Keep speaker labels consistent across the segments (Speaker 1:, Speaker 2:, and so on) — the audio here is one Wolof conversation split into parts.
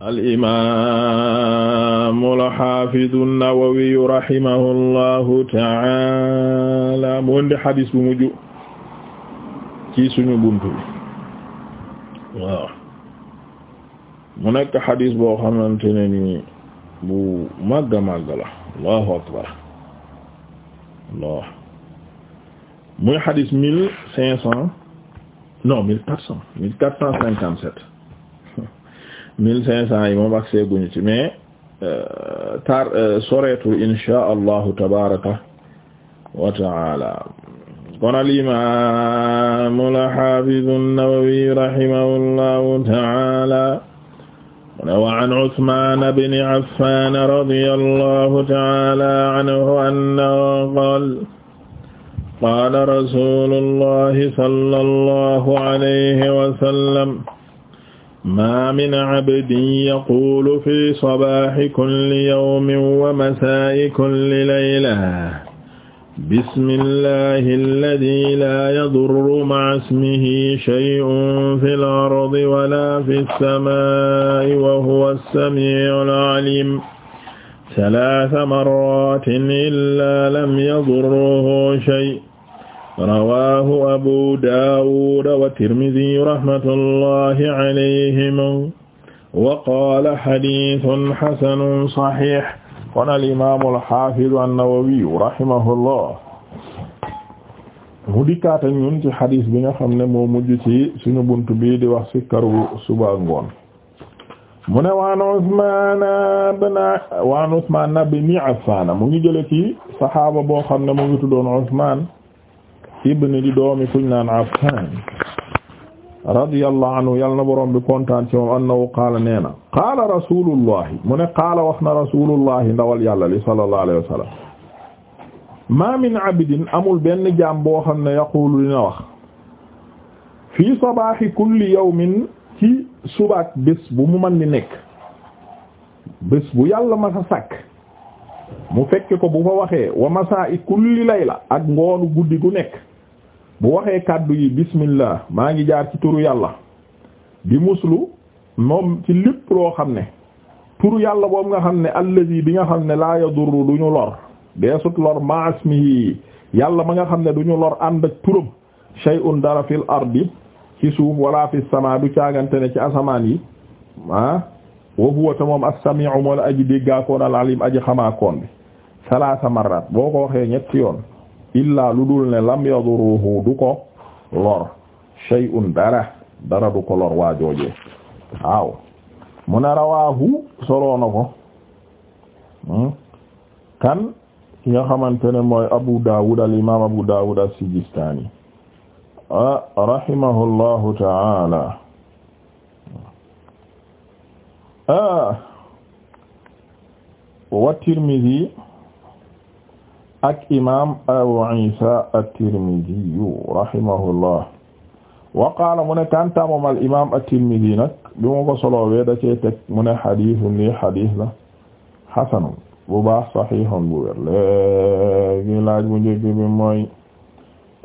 Speaker 1: alimamu alhafidu nnawawiyu rahimahu llahu taala mu indi xadis bu mujj ci suñu bunt bi waaw mu nekk xadis boo xamante ne ni bu màgga màgg la allahu akbar allah muy xadis mille cinq cent non mille quatre cent mille quatre cent cinquante sept mille cinq cents yi moom ak seeguñu ci mais euh, tar euh, soreetul inshaa allahu tabaraka wa taala kon al imam al hafiz an-Nawawi rahimahullahu taala wa an Usman ibn Affan radiyallahu taala anhu annahu qala qala rasulullahi sallallahu alayhi wa sallam ma min abdin yaqulu fi sabahi kulli yawmin wa masaa'i kulli layla bismillahi alladi la yadurru ma'a ismihi shay'un fil ardi wala fis samaa'i wa huwa as-sami'ul 'aliim salaasa marratin illa lam yadurruhu shay' rawahu abu daawuda wa tirmidiyu rahmatullahi alayhim wa qaala xadiisun xasanun saxiix kon alimaamu alxaafidu annawawiyu rahimahullah mu dikkaata ñun ci xadiis bi nga xam ne moo mujj ci suñu bunt bii di wax ci karu suba ngoon mu ne waan Usmaan bna waan Usmaan bni Affaan mu ngi jële ci saxaaba boo xam ne mu ngi tuddoon Usmaan ibn di doomi kuñ naan d radiyallahu anhu yàlla na borom bi kontaan ci moom annahu qaala nee na qaala mu ne qaala wax na rasulullahi ndawal yàlla li sallallahu alayhi wa sallam ma min abidin amul benn jaam boo xam ne yaqulu dina wax fii sabaahi kulli yawmin ci subaak bés bu mu man di nekk bés bu yàlla ma mu fekk ko bu fa waxee wa masaa'i kulli layla ak ngoonu guddi gu nekk bu waxee kàddu yi bismillah maa ngi jaar ci turu yàlla di muslu moom ci lépp loo xam ne turu yàlla boobu nga xam ne allazi bi nga xam ne laa yadurru du ñu lor deesut lor ma ismihi yàlla ba nga xam ne du ñu lor ànd ak turam shay'un dara fil ardi ci suuf wala fi sama du caagante ne ci asamaan yi ah wa huwa ta moom as-sami'u moola aji déggaakoon al alim aji xamaakoon bi salaasa marrat boo ko waxee ñetti yoon illaa lu dul lam yaduruhu du ko lor shay'un dara dara du ko lor waa jooje mu ne rawaahu soloo hmm? kan ki nga xamante ne mooy Abu Dawud al imam Abu Dawud as-Sijistani ah, rahimahullahu ta'ala ah. wa Tirmidhi ak imam Abu Isa at-Tirmidhi rahimahullah wa mu ne kanta moom al imam at-Tirmidhi bi mu ko solowee da cee mu ne xaditsun li xadis la xasanun bu baax saxihun bu wér léegi laaj bu njëkk bi mooy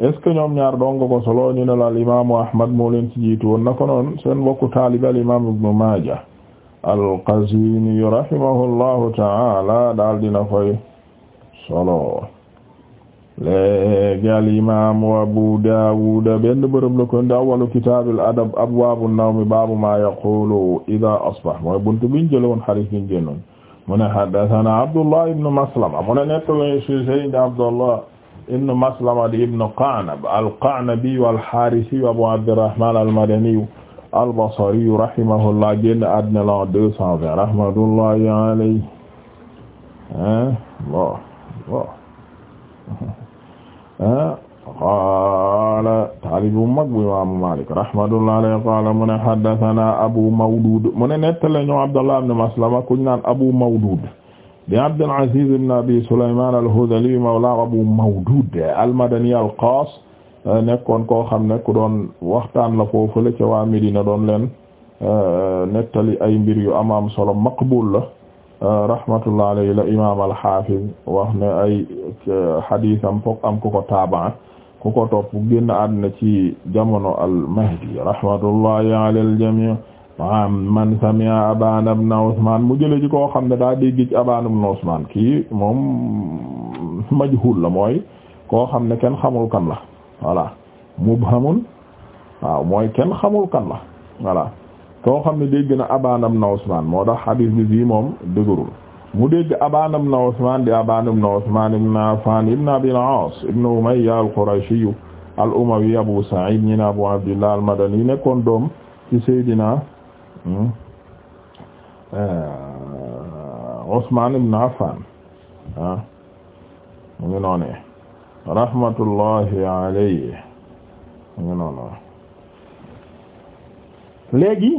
Speaker 1: est ce que ñoom ñaar donga ko solo ñu ne la al imamu Ahmad moo leen ci ko noon seen ku taalibi al imam Ibnu Maaja al-Qazwini rahimahullahu ta'ala daal dina koy solo léegi al imaamu Abu Daawud benn bërëb la ko indi awwalu kitaabul adab abwaabu nawmi baabu maa yaqulu idaa asbaha mooy buntu biñ jëloon xarit biñ jëloon mu ne haddasanaa Abdullah ibn Maslama mu ne nettali si Sayyid Abdullah ibn Maslama di ibn Qa'nab al-Qa'nabi wal-Haarisi Abu Abdirrahmaan al-Madani al-Basri rahimahullah génn àddina la 220 rahmatullahi alayhi waaw ah, qaala taalib bu mag bu imaamu Maalik rahmatullah alayhi mu ne haddathana Abu Mawdud mu ne nettali ñu Abdullah ibn Maslama kuñ naan Abu Mawdud di Abdul Aziz Abi Sulaymaan al mawla Abu Mawdud al-Madani al-Qaas nekkoon ko xam ne ku doon waxtaan la foofule ca waa Medina doon leen eh, nettali ay mbir yu am am solo maqbul la. rahmatullah alayhi la imam al-Hafiz wax ne ay hadisam foog am ku ko taabaan ku ko topp génn àddina ci jamono al-Mahdi rahmatullahi ala al-jami' man sami'a Abaan ibn Usmaan mu jële ci koo xam ne daa dégg ci Abaan ibn Usmaan kii moom majhul la mooy koo xam ne kenn xamul kan la voilà mubhamun waaw mooy kenn xamul kan la voilà koo xam ne dégg na abaanam na Usmaan moo tax hadis bi bii moom dëgërul mu dégg abaanam na Usmaan di abaanam na Usmaan ibn Affaan ibn Abil Aas ibn Umayya al-Qurashi al-Umawi Abu Sa'id ñi na Abu Abdillah al-Madani nekkoon doom ci Seydina hmm, eh, Usmaan ibn Affaan ah mu ngi noonee rahmatullahi alayhi mu ngi noonee léegi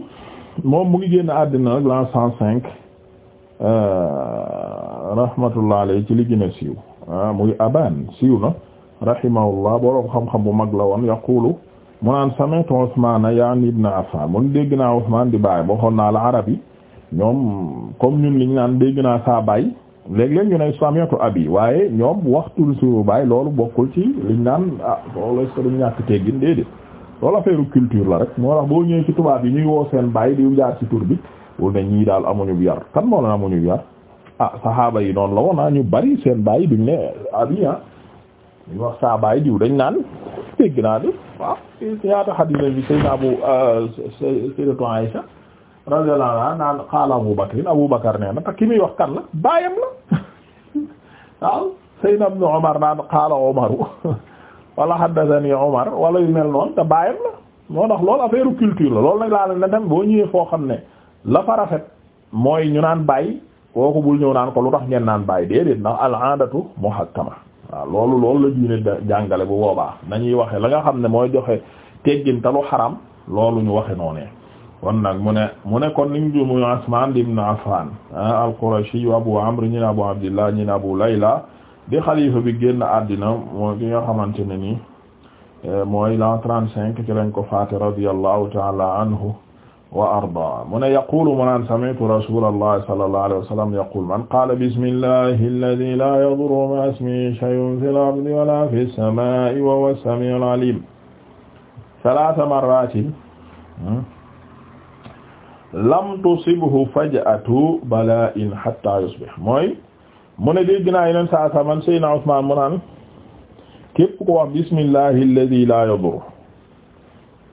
Speaker 1: moom mu ngi génn àddina rek l'an cent cinq euh, rahmatullah alayhi ci li gën a siiw ah, muy aban siiw na rahimahullah boroom xam-xam bu mag la woon yaqulu mu naan sami'tu Usmaan yaani ibn Affaan mun dégg naa Usmaan di baay boo naa la arab yi ñoom comme ñun liñ naan dégg naa saa baay léeg-léeg ñu ne sami'tu abi waaye ñoom waxtul suñu baay loolu bokkul ci liñ naan ah loolu est-ce que duñu ñàkk teggin loolu affaire culture la rek moo tax boo ñëwee ci tubaab yi ñuy woo seen baay di jaar ci tur bi wul ne ñii daal amuñu yar kan moo la amuñu yar ah saxaaba yi noonu la woon naa ah ñu bari seen bàyyi duñ ne abi ah ñu wax saa bàyyi diw dañ naan dégg naa de waaw ñaata xadiis bi Abu euh, Sayyidatu Aïsha Abu Bakr nee na te ki muy wax kan la baayam la waaw Seydina Ibn Umar naan qaala Umaru wala haddathani Umar wala yu mel noonu te bàyyam la moo tax lool affaire culture la loolu nag laa la ne tam boo ñëwee foo xam ne la fa rafet mooy ñu naan bàyyi kooku bul ñëw naan ko lu tax ngeen naan bàyyi déedéet ndax al-aadatu muhakkama waaw loolu loolu la diine jàngale bu boobaa nañuy waxe la nga xam ne mooy joxe teggin te lu xaram loolu ñu waxe noonee kon nag mu ne mu ne kon liñ ju muy Usmaan ibn Affaan ah, al-Qurashi abu Amr ñi ne abu Abdillah ñi ne abu Layla di xalifa bi génn àddina mooy ki nga xamante ne nii eh, mooy l'an trente-cinq ci lañ ko faate radiyallahu taala anhu wa arda mu ne yaqulu mu naan sami'tu rasulallahi sallallahu alayhi wa sallam yaqul man qaala bismillahi alladhi la yadurru ma'a ismihi shay'un fil ardi wa la fis samaa'i wa huwa as-sami'ul alim thalatha marratin hmm, lam tusibhu faj'atu bala'in hatta yusbih mooy mu ne dégg naa yeneen saa saa man Seydina Usmaan mu naan képp ko wax bismillahi alladi laa yadur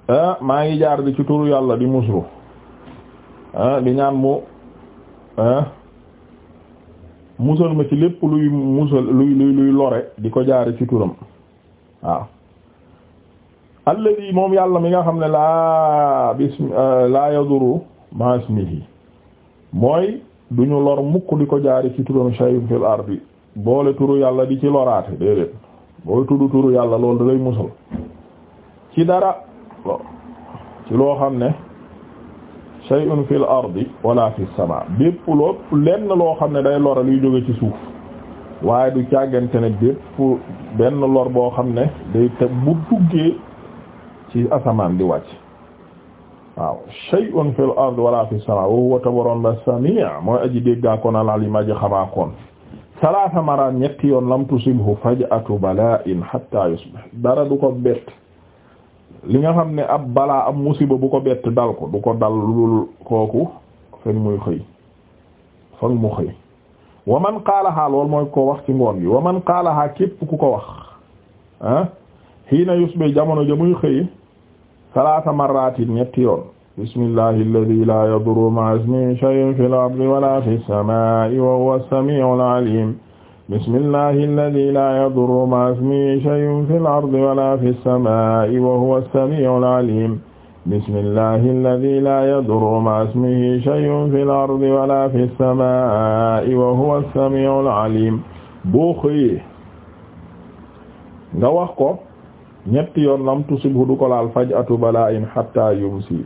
Speaker 1: ah, maa ngi jaar di ci turu yàlla di muslu ah, di ñaan mu ah musal ma ci lépp luy musal luy luy luy lore di ko jaare ci turam waaw alladi moom yàlla mi nga xam ne laa bismi ah, laa yaduru ma ismihi mooy du ñu lor mukk di ko jaari ci turam shay'un fil ardi boole turu yàlla di ci loraate déedéet booy tudd turu yàlla lool da lay musal ci dara ci loo xam ne shay'un fil bi wala fis sama bépp loo lenn loo xam ne day lora luy jóge ci suuf waaye du càggante ne bépp benn lor boo xam ne day te bu duggee ci asamaan di wàcc waaw shay'un fil ard wala fis samaa wa huwa tabaroon la sami' mooy aji déggaakoon alalim aji xamaakoon salaasa mara ñetti yoon lam tusibhu faj'atu bala'in hatta yusbih dara du ko bett li nga xam ne ab balaa ab musiba bu ko bett dal ko du ko dal lul kooku fekk muy xëy fekk mu xëy wa man qaalaha lool mooy ko wax ci ngoon bi wa man qaalaha képp ku ko wax ah hiina yusbih jamono ja muy xëy salaasa marratin ñetti yoon bismillahi alladi la yadurru ma'a ismihi shay'un fil ardi wala fis samaa'i wa huwa as-sami'ul 'aliim bismillahi alladi la yadurru ma'a ismihi shay'un fil ardi wala fis samaa'i wa huwa as-sami'ul 'aliim bismillahi alladi la yadurru ma'a ismihi shay'un fil ardi wala fis samaa'i wa huwa as-sami'ul 'aliim boo xëyee nga wax ko ñetti yoon lam tusibhu du ko laal faj'atu bala'in hatta yumsi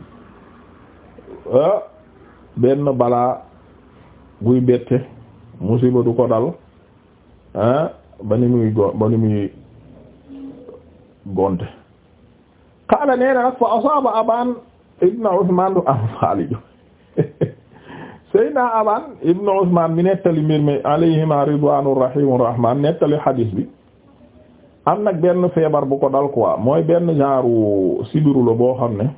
Speaker 1: benn balaa guy bette musiba du ko dal ba ni muy go- ba ni muy gonte qaala nee na fa asaaba abaan ibn usman du am faali seyna abaan ibn usman mi nettali mbir mi alayhima ridwaanu rahimu rahmaan nettali hadis bi am nag benn feebar bu ko dal quoi mooy benn genre sibiru la boo xam ne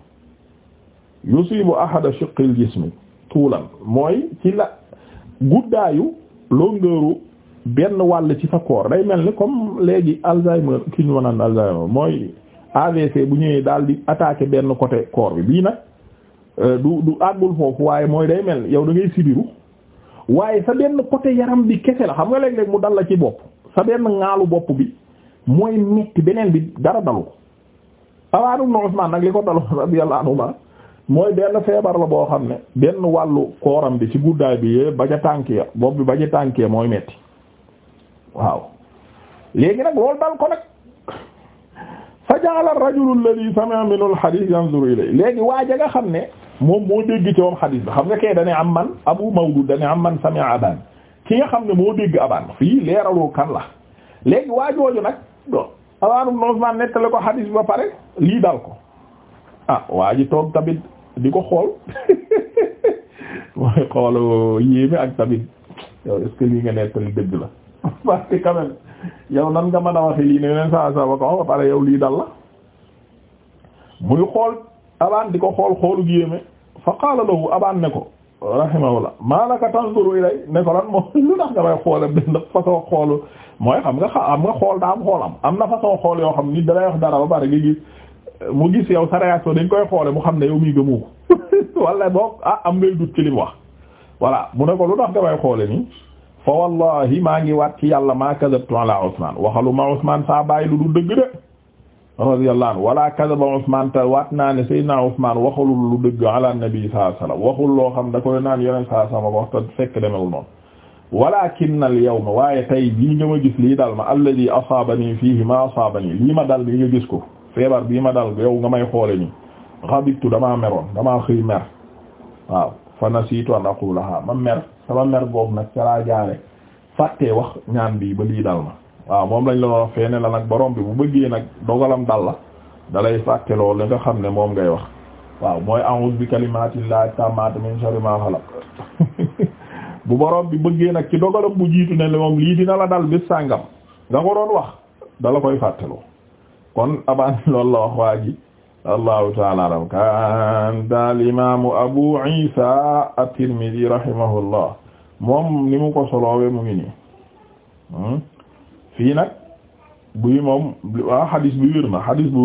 Speaker 1: yusibu ahada shiqqil jismi tuulan mooy ci la guddaayu longueuru benn wàll ci sa koor day mel ni comme léegi alzheimer ki ñu naan alzheimer mooy AVC bu ñëwee daal di attaquer benn côté corps bi bii nag euh, du du àggul foofu waaye mooy day mel yow da ngay sibiru waaye sa benn côté yaram bi kese la xam nga léeg-léeg mu dal la ci bopp sa benn ŋaalu bopp bi mooy metti beneen bi dara dalu ko Awaanu ibn Usmaan nag li ko daloon radiyallahu anhuma mooy benn feebar la boo xam ne benn wàllu kooram bi ci guddaay bi yee ba ca tànkee bopp bi ba ca tànkee mooy metti waaw léegi nag loolu dal ko nag fa ja'ala ar-rajulu alladhi sami'a minhu al-hadith yanzuru ilayhi léegi waaja nga xam ne moom moo dégg ci moom hadith bi xam nga kay dane am man Abu Mawdud dana am man sami'a aban ki nga xam ne moo dégg aban fii leeraloo kan la léegi waajooju nag doon Awaanu Usmaan nettali ko xadiis ba pare lii dal ko ah waa ji toog tamit di ko xool mooy xoolu yéeme ak tamit yow est lii nga nettali dëgg la parce que quand même yow nan nga mën a waxe lii ne saa saa ba ko ba pare yow lii dal la muy xool abaan di ko xool xoolu yéeme fa qaala abaan ne ko rahimahullah maalaka tanzuru ilay ne ko lan moo lu tax nga may xoole benn façon xoolu mooy xam nga xam nga xool daa am xool am am na façon xool yo xam ni dalay wax dara ba pare gi gis mu gis yow sa réaction dañ koy xoolee mu xam ne yow mii gëmoo ko walla boog ah am ngay dut ci li mu wax wala mu ne ko lu tax nga may xoole nii fa wallahi maa ngi wat ci yàlla maa kadabtu ala Usman waxalu ma Usman saa bàyyi lu du dëgg de radiyallahu anhu wala kadaba Usmaan te waat naa ne Seydina Usmaan waxul lu dëgg ala nabi sallallahu waxul loo xam da koy naan yeneen saa sama wax te fekk demewul noonu walakin al waaye tey bii nga ma gis lii dal ma alladi asaabanii fiihi ma asaabanii lii ma dal lii nga gis ko feebar bii ma dal yow nga may xoole nii xabittu damaa meroon damaa xëy mer waaw fa nasiitu an aqulaha ma mer sama mer boobu nag ca laa jaare fàttee wax ñaan bii ba lii dal ma waaw moom lañ la doon wax fee ne la nag boroom bi bu bëggee nag dogalam dal la dalay fàtte loolu nga xam ne moom ngay wax waaw mooy a'udhu bi kalimatillahi tammati min sharri ma xalaq bu borom bi bëggee nag ci dogalam bu jiitu ne moom lii dina la dal bis sàngam nga ko doon wax dala koy fàtteloo kon abaan loolu la wax waa allahu taala alam kan daal abu isa at-tirmidhi moom ni mu ko soloowe mu ngi nii hmm? fii nag buy moom ah xadis bu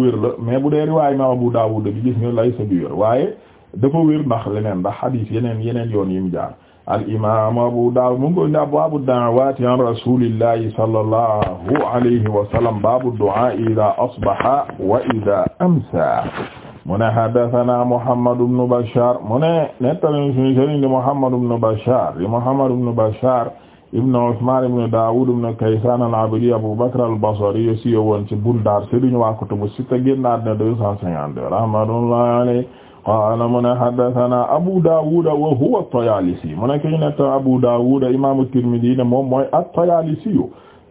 Speaker 1: wér la mais bu dee riwaay imaam Abu Daawud bi gis nga lay sa bi wér waaye dafa wér ndax leneen ndax xadis yeneen yeneen yoon yi mu jaar al imaam Abu Daawud mu ngi koy ndax baabu da'awaati an rasuulillahi sallallahu alayhi wa sallam baabu du'aa idaa asbaha wa idaa amsa mu ne haddasanaa Muhammad ibn Bashaar mu ne nettali sunu sëriñ di Muhammad ibn Bashaar di Muhammad ibn Bashaar ibn Usman ibn Dawud ibn Kaysan al-Abdi Abu Bakr si Bundar sëriñ waa kutubu sitta génnaat na deux cent cinquante-deux rahmatullahi alayhi qaala mu ne haddathana Abu Dawud wa huwa at-Tayalisi mu ne ki ñu ne Abu Dawud imam at moom mooy at-Tayalisi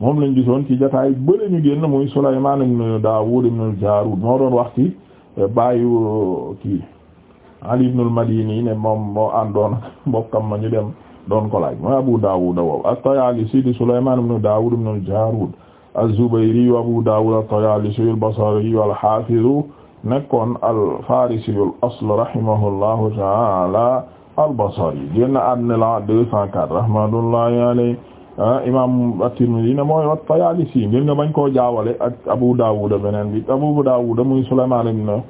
Speaker 1: moom lañ gisoon ci jotaay bële ñu génn muy Sulayman ibn Dawud ibn al-Jarud moo doon wax baayu kii Ali ibn madini moom moo àndoon mbokkam ma dem doon ko laaj mooy Abu Dawud wow at-Tayaalisi di Sulaymaan ibn Dawud ibn al-Jaaruud az-Zubayri Abu Dawud at-Tayaalisi al-Basri al-Haafiz nekkoon al-Faarisi al-asl rahimahullahu ta'aala al-Basri génn àddina la 204 rahmatullahi alayhi ah, imaam at-Tirmidhi ne mooy at-Tayaalisi ngir nga bañ koo jaawale ak Abu Dawud beneen bi Abu Dawud muy Sulaymaan ibn ah,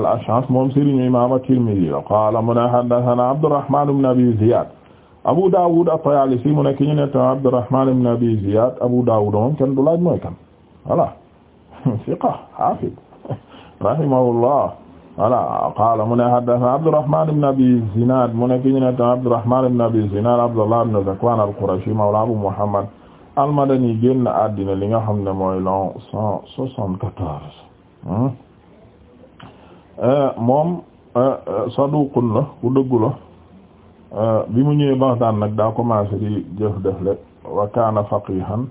Speaker 1: al-Ash'ath moom sëriñ imaam at-Tirmidhi qaala mu ne haddathanaa Abdurrahmaan ibn Abi Ziyaad Abu Dawud at-Tayalisi mu nekk ne tam Abdurrahman ibn Abi Abu Dawud moom kenn du laaj mooy kan voilà siqa hafid rahimahullah voilà qala mu ne haddathana Abdurrahman ibn Abi Zinad mu nekk ñu ne tam Abdurrahman ibn Abi Zinad Abdullah ibn Zakwan al-Qurashi mawla Abu Muhammad al-Madani génn àddina li nga xam ne mooy l'an cent soixante-quatorze hmm? euh, moom euh, euh, saduqun la ku dëggu la Euh, bi mu ñëwee Baghdad nag daa commencé di jëf defle wa kaana faqihan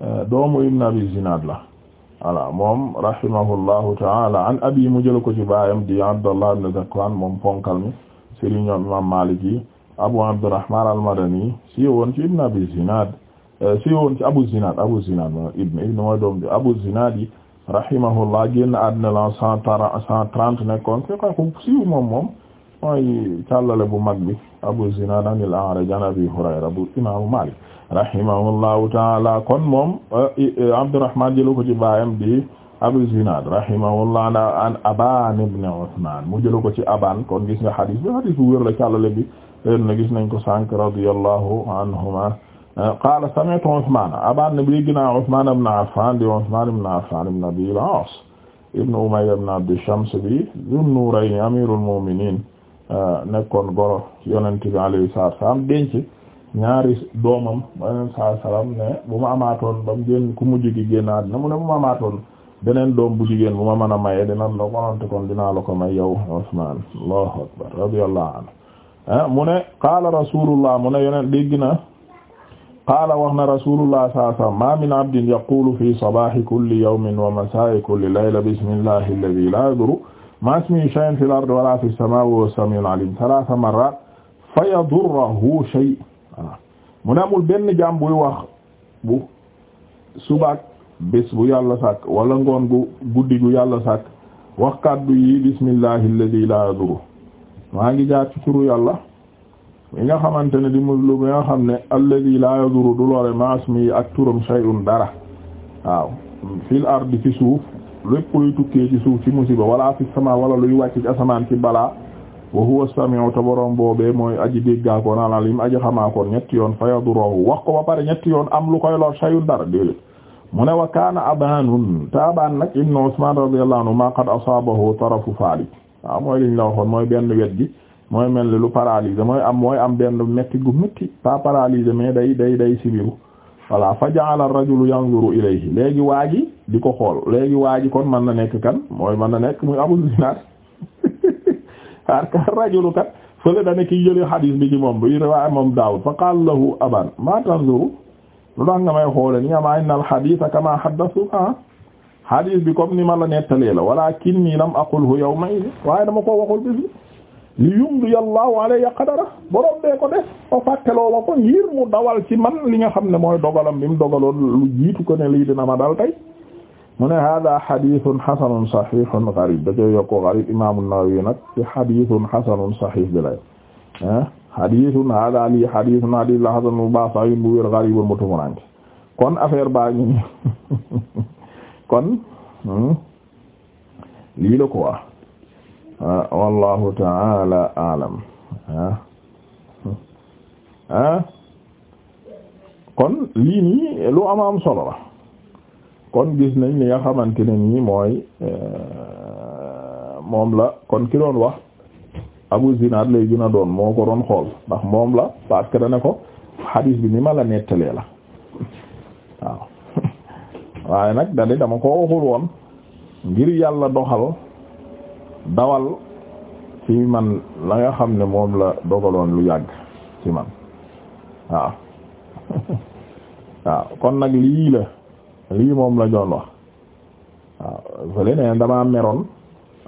Speaker 1: euh, doomu ibn abi Zinaad la voilà moom rahimahullahu taala an abi mu jël ko ci baayam di Abdallah ibn Zakwan moom ponkal mi sëriñ ñoom imam Maalik Abu Abdurrahman al-Madani si woon ci ibn abi Zinaad euh, si woon ci Abu Zinaad Abu Zinaad mo ibn ibn mooy doom bi Abu Zinaad yi rahimahullah génn àddina la cent trente nekkoon fiqaku siiw moom moom mooy càllale bu mag bi Abu Zinad an al-A'raj an Abi Hurayra bu imaamu Malik rahimahullahu taala kon moom eh, eh, Abdurrahman jëlu ko ci baayam di Abu Zinad rahimahullah an Aban ibn Uthman mu jëlu ko ci Aban kon gis nga hadis bi hadis bu wér la càllale bi leer na gis nañ ko sànq radiyallahu anhuma eh, qala sami'tu Uthman Aban ne bi ginaa Uthman ibn Affan di Uthman ibn Affan ibn Abi al-As ibn Umayya ibn Abd Shams bi Dhun-Nurayn amirul mu'minin Euh, nekkoon goro yonent bi alayhi salaatu salaam denc ñaari doomam yonent salaatu salaam ne bu ma amaatoon ba mu ku mujj gi génnaat na mu ne bu ma amaatoon beneen doom bu jigéen bu ma mën a maye dina la kononte kon dinaa la ko may yow Usmaan allahu akbar eh, mu ne qaala rasulullah mu ne yonent qaala wax na rasulullah sallallahu alayhi ma min abdin yaqulu fi sabahi kulli yawmin wa masaa'i kulli layla bismillahi alladhi la maas min shay'in fil ardi wala fis samaa'i wa samiul alim salaasa marrat fa yadurruhu shay mu ne amul benn jaam buy wax bu subaak bés bu yàlla sàkk wala ngoon gu guddi gu yàlla sàkk wax kàddu yi bismillahi alladhi la yadurru maa ngi jaar ci turu yàlla mi nga xamante ne di muslu mi nga xam ne alladhi la du lore maas mi ak turam shay'un dara waaw fil ardi suuf lépp luy tukkee ci suuf ci musiba wala fi sama wala luy wàcc ci asamaan ci balaa wa huwa sami'u te borom boobee mooy aji déggaakoon alalim aji xamaakoon ñetti yoon fayadurahu wax ko ba pare ñetti yoon am lu koy lor sayun dara déedéet mu ne wa kaana abaanun te nag ibnu Usmaan radiyallahu anhu ma qad asaabahu tarafu faalik waaw mooy liñ la waxoon mooy benn wet gi mooy mel ni lu paralysé mooy am mooy am benn métti gu métti pas paralysé mais day day day sibiru voilà fa ja'ala ar di ko xool léegi waa ji kon man na nekk kan mooy mën na nekk muy abu zinaar xaar ka rajulu kat fële dane ki jële xadiis bi ci moom bi riwaaya moom daawut fa qaala lahu aban ma tanzuru lu tax nga may xoole ni ama inna al xadiisa kama xaddasuka xadiis bi comme ni ma la nettalee la walaakinni lam aqulhu yow idin waaye dama ko waxul bis bi li yumdi allahu alayya qadara borom bee ko def o fàtteloo ma ko ngir mu dawal ci man li nga xam ne mooy dogalam bi mu dogaloon lu ko ne lii dina ma mu ne hada xaditun xasanun saxihun garib da koy yokku garib imaamu Nawawi nag ci xaditun bi lay ah xaditun hada lii xaditun hadis la xasan bu baax saxih bu wér garibun kon affaire baa ngi nii kon hmm, lii la quoi ah, wallahu taala alam ah, hmm, ah kon lii nii lu am am solo la kon gis nañ li nga xamante ne nii mooy euh, moom la kon ki doon wax Abu Zinaad lay gën a doon moo ko doon xool ndax moom la parce que dana ko xadiis bi ni ma la nettalee la waaw waaye nag dani dama ko waxul woon ngir yàlla doxal dawal ci man la nga xam ne moom la dogaloon lu yàgg ci man waaw waaw kon nag lii la lii moom la doon wax waaw fële neen meroon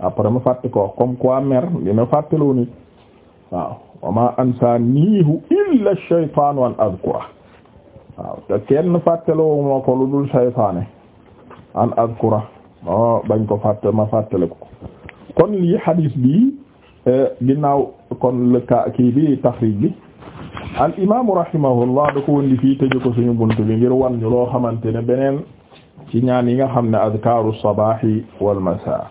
Speaker 1: après ma fàtte ko comme quoi mer dina fàttaloo nit waaw wa ma ansaaniihu illa shaytaan an adkura waaw te kenn fàttaloo moo ko lu dul shaytaane an adkura moo bañ ko fàtte ma fàttale ko kon lii hadis bi eh, ginnaaw kon ka kii bi taxriij bi al imaamu rahimahullah da ko wondi fii tëj ko suñu bunt bi ngir wan ñu loo xamante ne beneen ci ñaan yi nga xam ne azkaaru sabaahi wal masaa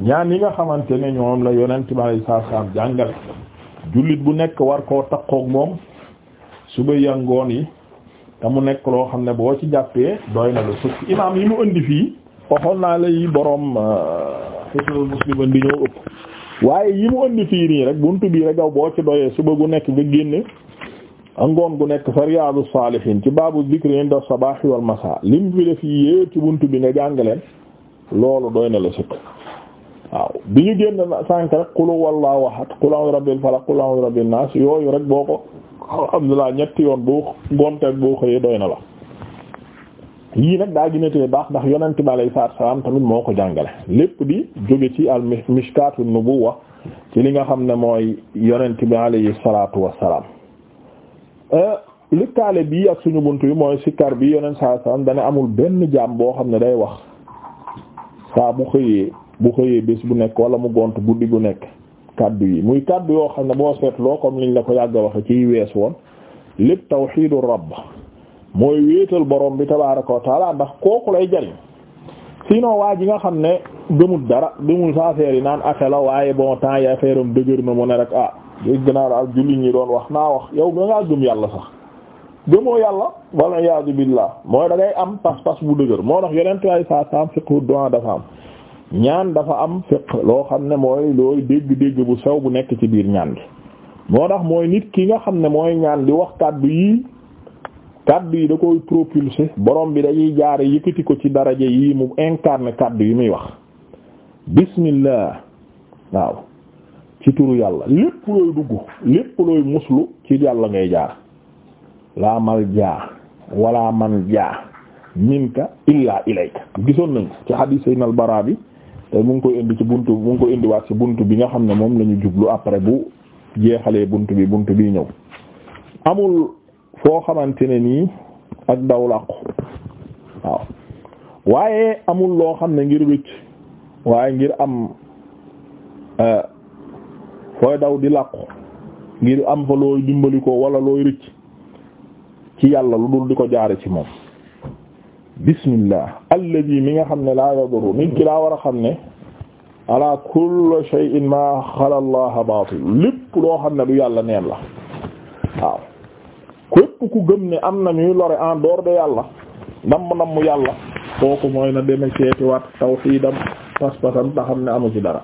Speaker 1: ñaan yi nga xamante ne ñoom la yonent bi alayhi salaam jàngale jullit bu nekk war koo takkook moom suba yangoon yi te mu nekk loo xam ne boo ci jàppee doy na lu sukk imaam yi mu indi fii waxoon naa lay boroom euh, Hisnul Muslim di ñëw ëpp waaye yi mu andi fii rek bunt bii rek gaw boo ci doyee ba gu nekk nga génne ak ngoon gu nekk fa Riyadou Salihine ci baabu zikri inda sabaahi wal masaa lim fi def yee ci buntu bi nga jàngaleen loolu doy na la sëkk waaw bi ñu génn sànq rek qul huwallahu waxat qul a'udhu birabbil falaq qul a'udhu birabbin nas yooyu rek boo ko alhamdulillah ñetti yoon boo gonte boo xëyee doy na la yii nag daa gën baax ndax yonent bi alayhi salaatu salaam tamit moo ko jàngale lépp di jóge ci al mishkaatu nubuwa ci li nga xam ne mooy yonent bi alayhi salaatu wassalaam euh, lëkkaale bii ak suñu bunt bi mooy sikkar bi yonent salaatu salaam dana amul benn jaam boo xam ne day wax saa bu xëyee bu xëyee bés bu nekk wala mu gont guddi bu nekk kàdd yi muy kàdd yoo xam ne boo loo comme liñ la ko yàgg a waxe ciy wees woon lépp tawxiidu rabb mooy wéetal borom bi tabaaraka wa taala ndax kooku lay jariñ sinon waa ji nga xam ne gëmul dara gëmul sa affaire yi naan affaire la waaye bon temps yi affaire am dëgër na mu ne rek ah dégg naa daal julli ñi doon wax naa wax yaw da ngaa gëm yàlla sax gëmoo yàlla wala iyaazu billaah mooy da ngay am pas-pas bu dëgër moo tax yeneen tuwaay saa saam fiqhu du'a dafa am ñaan dafa am fiq loo xam ne mooy looy dégg-dégg bu sew bu nekk ci biir ñaan bi moo tax mooy nit kaddu yi da koy propulser borom bi dañuy jaare yëkkati ko ci daraja yi mu incarne kàddu yi muy wax bismillah waaw ci turu yàlla lépp looy dugg lépp looy muslu ci yàlla ngay jaar laa mal jaa wala man jaa minka illaa ilayka gisoon nañ ci hadith sayyidina al-Bara bi te mu ngi koy indi ci bunt mu ngi koy indiwaat ci bunt bi nga xam ne moom la jublu après bu jeexalee bunt bi bunt bi ñëw amul foo xamante ne nii ak daw làqu waaw waaye amul loo xam ne ngir wicc waaye ngir am euh, fooy daw di làqu ngir am fa looy dimbali wala looy rëcc ci yàlla lu dul di ko jaare ci moom bismillah alladi mi nga xam ne laa yaduru nit ki laa war a xam ne ala kulli shay'in ma xala allah baatil lépp loo xam ne du yàlla neen la waaw képp ku gëm ne am na ñuy lore en dehors de yàlla nam mu nam mu yàlla kooku mooy na deme seetiwaat tawxiidam pas-pasam ta xam ne amu ci dara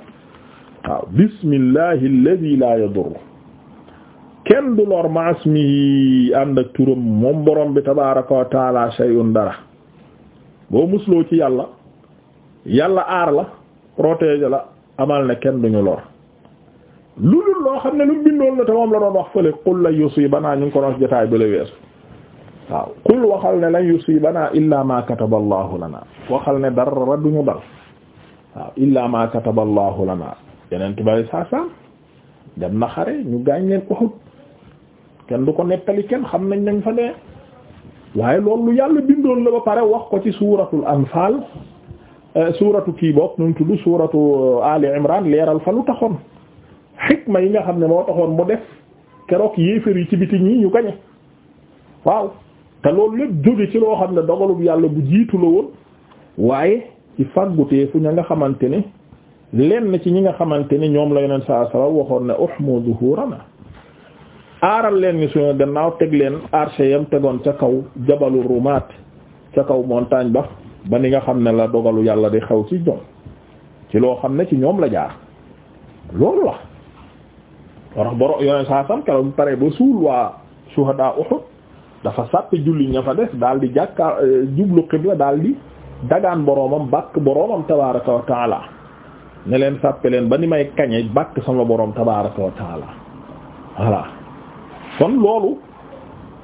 Speaker 1: waaw bismillahi alladhi la yadur kenn du lor ma asmihi ànd ak turam moom borom bi tabaraka wa taala dara boo musloo ci yàlla yàlla aar la protéger la amal ne kenn duñu lor lu dul loo xam ne lu bindoon la te la doon wax fële qul lan yusibanaa ñu ngi ko doon jotaay ba weesu waaw qul waxal ne lan yusibanaa illaa ma kataba allahu lana waxal ne dara duñu dal waaw illaa ma kataba allahu lana yeneen tubaab yi saa dem na xare ñu gaañ leen Uhud kenn du ko nettali kenn xam nañ nañ fa dee waaye loolu yàlla bindoon la ba pare wax ko ci suuratul anfaal eh, suuratu kii boog nu mu tudd suuratu eh, Ali Imran leeral fa lu taxoon. ma yi nga xam ne moo taxoon mu def keroog yéefar yi ci biti ñi ñu gañe waaw te loolu lépp jóge ci loo xam ne dogalu yàlla bu jiitu la woon waaye ci fàggutee fu ña nga xamante ne lenn ci ñi nga xamante ne ñoom la yoneen saa sala waxoon ne uhmu zuhurana aaral leen ni suñu gannaaw teg leen arché yam tegoon ca kaw jabalu rumaat ca kaw montaañ ba ba ni nga xam ne la dogalu yàlla di xew ci ñoom ci loo xam ne ci ñoom la jaar loolu la war tax boro yoneen saa sam keroog pare ba suul waa suhadaa Uhud dafa sàppe julli ña fa des daal di jàkkaar euh, jublu xibla daal di dagaan boroomam bàkk boroomam tabaraka wa taala leen sàppe leen ba ni may kañe bàkk sama borom tabaraka wa taala kon loolu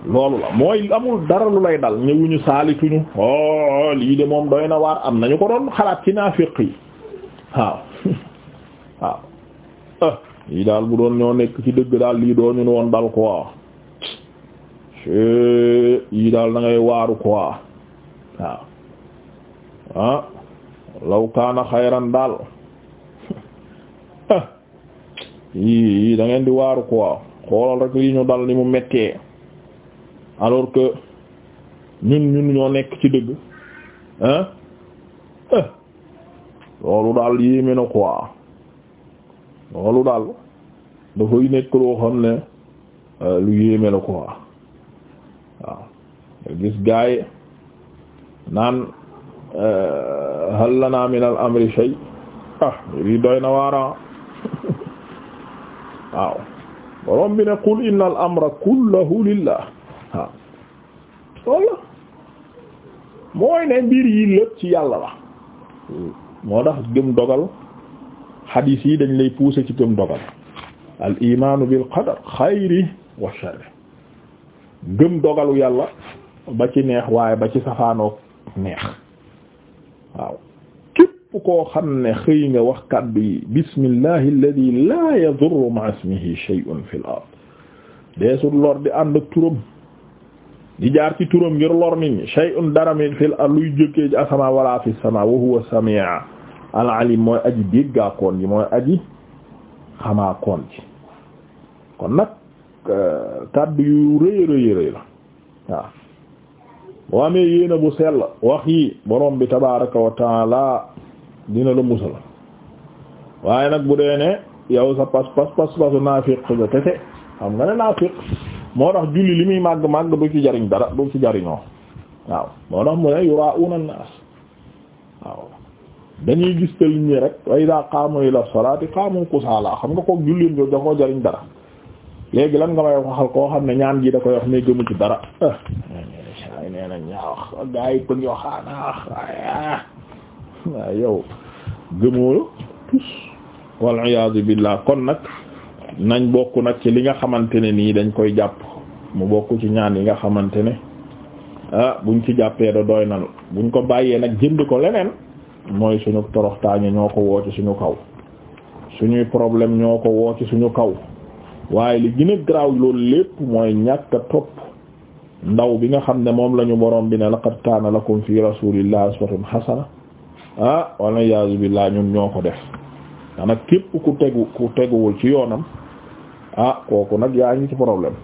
Speaker 1: loolu la mooy amul dara lu lay dal ñëwuñu saalituñu o oh, lii de moom doy na waar am nañu ko doon xalaat ci naafiq yi waaw waaw lii daal bu doon ñoo nekk ci dëgg daal lii doo ñun woon dal quoi yii daal da waaru ko waaw ah law kaana xayran daal yii yii di waaru quoi xoolal rek lii ñu dal ni mu mettee alors que ñun ñun ñoo nekk ci dëgg ah loolu daal yii mi na quoi loolu daal dafay nekk loo xam ne euh, lu yéeme la ko waaw nga gis gaay naan euh, hal lana min al amri shay ah lii doy na waara ah. waaw borom bi ne qul inna al amra kullahu lillah waaw mooy ne mbir yi lépp ci yàlla la moo tax gëm dogal xadiis yi dañ lay pousser ci gëm dogal al imaanu bil qadar xayri wa sharri gëm dogalu yàlla ba ci neex waaye ba ci safaanoog neex waaw képp koo xam ne xëy nga wax kàddu yi bismillahi alladi laa yadurru ma'a ismihi shay'un fil ard deesul lor di ànd ak turam di jaar ci turam ngir lor nit ñi shay'un dara min fil ard luy jókkee ci asamaa wala fi samaa wa huwa sami'a al alim mooy aji déggaakoon ji mooy aji xamaakoon ji kon nag euh, kàddu yu rëy rëy rëy la waaw boo amee yéena bu sell wax yi borom bi tabaraka wa dina la musal waaye nag bu dee ne yow sa pas pas pas pasu naafiq nga kese xam nga ne naafiq moo tax julli li muy màgg màgg du ci jariñ dara du ci jariñoo waaw moo tax mu ne yuraa'una an-naas waaw dañuy gis te liñ ñi rek wa ida qaamu ila salaati qaamu kusaala xam nga kook julleen jooju da jariñ dara léegi lan nga may waxal koo xam ne ñaan gi da koy wax ne gëmu ci dara ah ay nee na ñaa wax gaa yoo xaana ah, wax ah, waaw ah, yow gëmoo kon nag nañ bokk nag ci li nga xamante ne nii dañ koy jàpp mu bokk ci ñaan yi nga xamante ne ah buñ ci jàppee da doy na buñ ko bàyyee nag jënd ko leneen mooy suñu yi ñoo ko woo ci suñu kaw suñuy problème ñoo ko woo ci suñu kaw waaye li gën a garaaw loolu lépp mooy ñàkk topp ndaw bi nga xam ne moom lañu ñu borom bi ne laqad kaana lakum fi rasulillahi uswatun hasana ah wala yaazu billah ñun ñoo ko def xanaa képp ku tegu ku teguwul ci yoonam ah kooku nag yaa ngi ci problème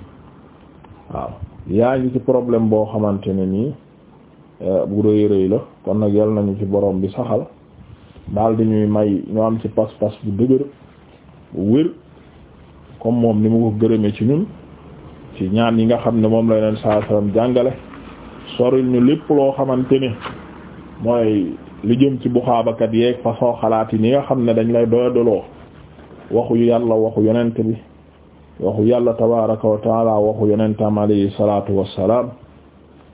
Speaker 1: waaw yaa ngi ci problème boo xamante ne nii Euh, bu rëy yi la kon nag yal nañu ci boroom bi saxal daal di ñuy may ñu am ci pas-pas bu dëgër bu wér comme moom ni mu ko gërëme ci ñun ci ñaan yi nga xam ne moom la leen saa jàngale soril ñu lépp loo xamante ni mooy li jëm ci buxaabakat yeeg façon xalaat yi ni nga xam ne dañ lay doyadaloo waxu yàlla waxu yonent bi waxu yàlla tabaraka wa taala waxu yonentam alayhi salaatu wassalaam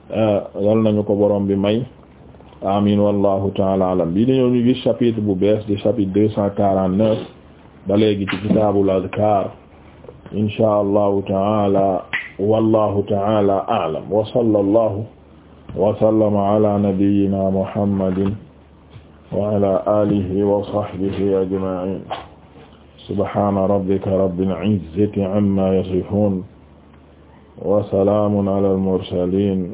Speaker 1: Eh, yal nañu ko borom bi may amin wallahu taala alam bi dañoo ñu gis chapitre bu bees di chapitre deux cent quarante neuf ba léegi ci kitaabul azkaar insha allahu taala wallahu taala alam wa sallallahu wa sallama ala nabiyyina muhammadin wa ala alihi wa sahbihi ajma'in subhana rabbika rabbil izzati amma yasifun wa salaamun ala al mursalin